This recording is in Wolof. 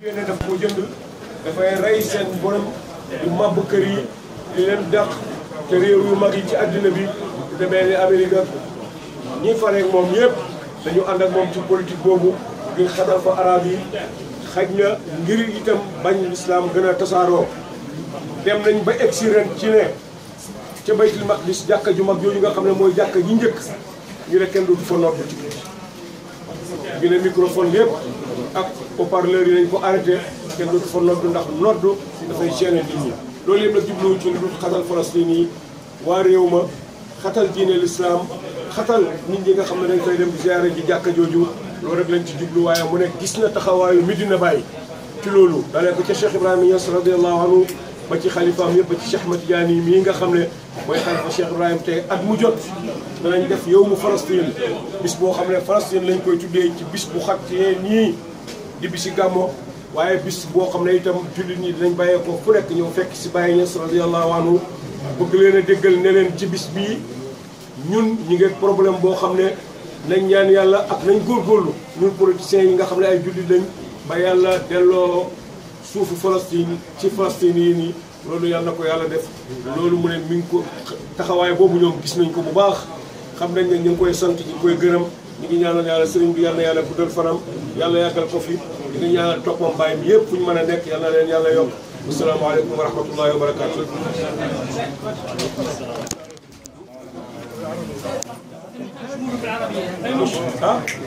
yéene daf ko jënd dafay rey seen borom du màbb kër yi di leen dàq te réew yu mag yi ci àddina bi demee ni Amérique ak fareek moom ñëpp dañu ànd ak moom ci politique boobu ngir xatal fa arab yi xaj na ngir itam bañ lislaam gën tasaaroo dem nañ ba egsi ren ci ne ca baytul maqdis jàkka ju mag jooju nga xam ne mooy jàkka ji njëkk ñu ne kenn du fa nopp ci ne microphone yëpp ak haut-parleur yi lañ ko arrêté kenn dootu fa noddu ndax noddu dafay gêner nit ñi loolu yëpp nag jubluwu ci lu dul xatal Palestine yi waa réew ma xatal diine l'islam xatal nit ñi nga xam ne dañ koy dem ziyaare ji jàkka jooju loolu rek lañ ci jublu waaye mu ne gis na taxawaayu Medina Baye ci loolu dalee ko ca Cheikh Ibrahima Niass radiallahu anhu ba ci xalifaam yëpp ba ci Cheikh Ahmed yi mii nga xam ne mooy xalifa Cheikh Ibrahima tey at mu jot danañ def yow mu Palestine bis boo xam ne Palestine lañ koy tuddee ci bis bu xat nii di bisi gàmmo waaye bis boo xam ne itam jullit ñi dinañ bàyyeekoo fu nekk ñëw fekk si Baye Niass radiyallahu anhu bëgg leen a déggal ne leen ci bis bii ñun ñi ngi problème boo xam ne nañ ñaan yàlla ak nañ góor góorgóorlu ñun politiciens yi nga xam ne ay jullit lañ ba yàlla delloo suufu Palestine ci Palestine yi nii loolu yàlla na ko yàlla def loolu mu ne mi ngi ko taxawaay boobu ñoom gis nañ ko bu baax xam nañ ne ñu ngi koy sant ñu ngi koy gërëm ñu ngi ñaanal yàlla sëriñ bi yàlla na yàlla guddal fanam yàlla yàggal ko fi ñu ngi ñaanal toppam bàyyam yëpp fu ñu mën a nekk yàlla na leen yàlla yokk wa rahmatullahi wa barakaatu ah